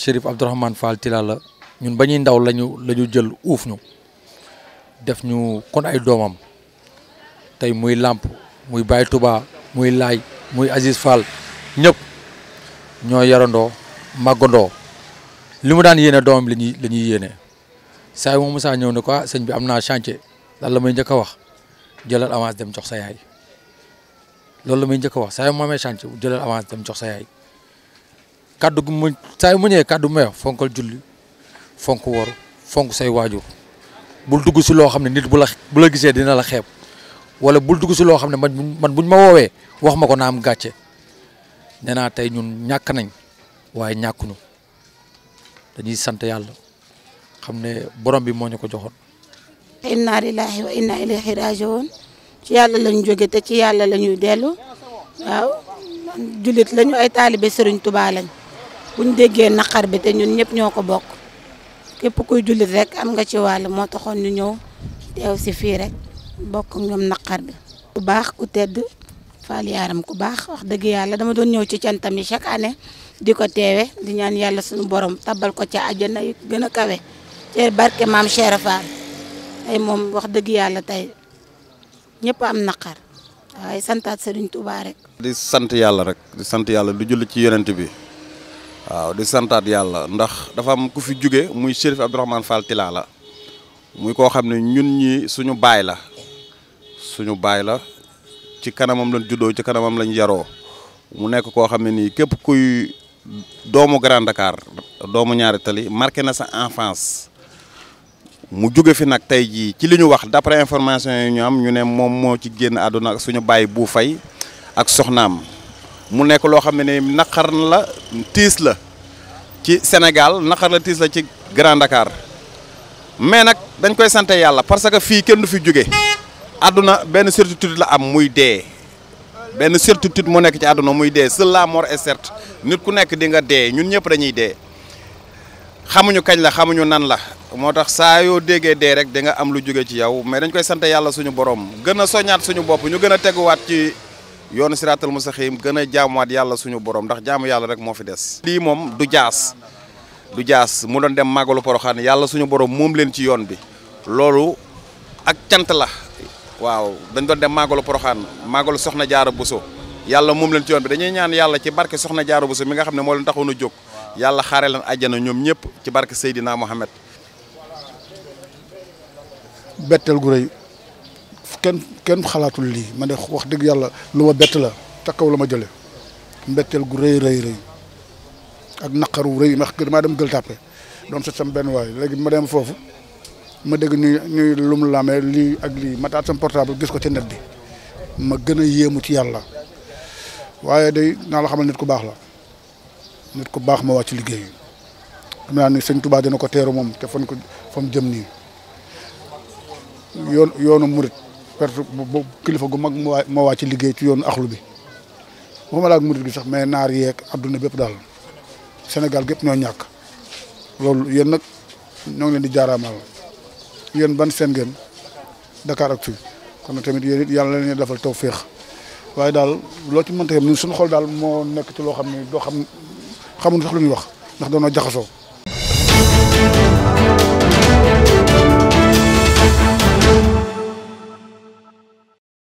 Chérif Abdourahmane Fall Tilala ñun ba ñuy ndaw lañu la ñu jël uuf ñu def ñu kon ay doomam tey muy làmp muy Baye tubaa muy laay muy Aziz Fall ñëpp ñoo yarandoo màggandoo li mu daan yéene doomam la ñuy la ñuy yéene saa yu ma musaa ñëw ne quoi ah, sëñ bi am naa chantier lan la may njëkk a wax jëlal avance dem jox sa yaay loolu la may njëkk wax saa yu ma amee chantier jëlal avance dem jox sa yaay kaddu gu mu saa mu ñëwee kaddu mu fonko julli fonko wor fonko say waju bul dugg ci lo xamne nit bu la bu dina la xeeb wala bul dugg ci lo xamne man man buñ ma wowe wax mako na am gatché nee tay ñun ñak nañ waaye ñu dañuy sante yalla xamne borom bi moo ñu ko joxon inna lillahi wa inna ilaihi rajiun ci yalla lañu joggé te ci yalla lañu dellu waw julit lañu ay talibé serigne touba lañu buñ déggee naqar bi te ñun ñëpp ñoo ko bokk képp kuy jullit rek am nga ci wàll moo taxoon ñu ñëw teew si fii rek bokk ñoom naqar bi. ku baax ku tedd faal yaaram ku baax wax dëgg yàlla dama doon ñëw ci cantam yi chaque année di ko teewe di ñaan yàlla suñu borom tabal ko ci àjjana yu gën a kawe ci barke maam Cheikh Fall tey moom wax dëgg yàlla tey ñëpp am naqar waaye santaat Serigne Touba di sant yàlla rek di sant yàlla du julli ci yonent bi. waaw di santaat yàlla ndax dafa am ku fi jóge muy Chérif Abdourahmane Fall Tilala la muy koo xam ne ñun ñi suñu baay la suñu baay la ci kanamam lañ juddoo ci kanamam lañ yaroo mu nekk koo xam ne nii képp kuy doomu Grand Dakar doomu ñaari tali marqué na sa enfance mu jóge fi nag tey jii ci li ñu wax d'après information yi ñu am ñu ne moom moo ci génn àdduna ak suñu baay bu fay ak soxnaam mu nekk loo xam ne ni naqar la tiis la ci Sénégal naqar la tiis la ci Grand Dakar mais nag dañ koy sant yàlla parce que fii kenn du fi jóge aduna benn certitude la am muy dee benn certitude mu nekk ci àdduna muy dee seule la mort est certes nit ku nekk di nga dee ñun ñëpp dañuy dee xamuñu kañ la xamuñu nan la moo tax saa yoo déggee dee rek di nga am lu jóge ci yow mais dañ koy sant yàlla suñu borom gën a soñaat suñu bopp ñu gën a teguwaat ci yoonu siraatal mustaqiim gën a jaamuwaat yàlla suñu borom ndax jaamu yàlla rek moo fi des. lii moom du jaas du jaas mu doon dem màggalu poroxaan yàlla suñu borom moom leen ci yoon bi loolu ak cant la waaw dañ doon dem màggalu poroxaan màggalu soxna jaara Buso yàlla moom leen ci yoon bi dañuy ñaan yàlla ci barke soxna jaara Buso mi nga xam ne moo leen taxoon na jóg yàlla xaare leen àjjana ñoom ñëpp ci barke Seydina Mohamed. bettel gu rëy kenn kenn xalaatul lii ma ne wax dëgg yàlla lu ma bett la te kaw la ma jële mbetteel gu rëy rëy rëy ak naqaru rëy ndax damaa dem gël tàppe doon set sam benn waay léegi ma dem foofu ma dëgg ñuy ñuy lum lamee lii ak lii ma taat sam portable gis ko ci net bi ma gën a yéemu ci yàlla waaye day naa la xamal nit ku baax la nit ku baax ma ci liggéey yi xam naa ni sëñ Touba dina ko teeru moom te fan ko fam jëm nii yoon yoonu murit perte bu kilifa gu mag moo ci liggéey ci yoonu axlu bi waxuma la ak murid gi sax mais naar yeeg adduna bépp daal Sénégal gépp ñoo ñàkk loolu yéen nag ñoo ngi leen di jaaraamal yéen ban seen dakaar Dakar ak fii kon nag tamit yéen it yàlla leen defal taw féex waaye daal loo ci mënta yem ñun suñu xol daal moo nekk ci loo xam ne doo xam xamuñu sax lu ñuy wax ndax doonoo jaxasoo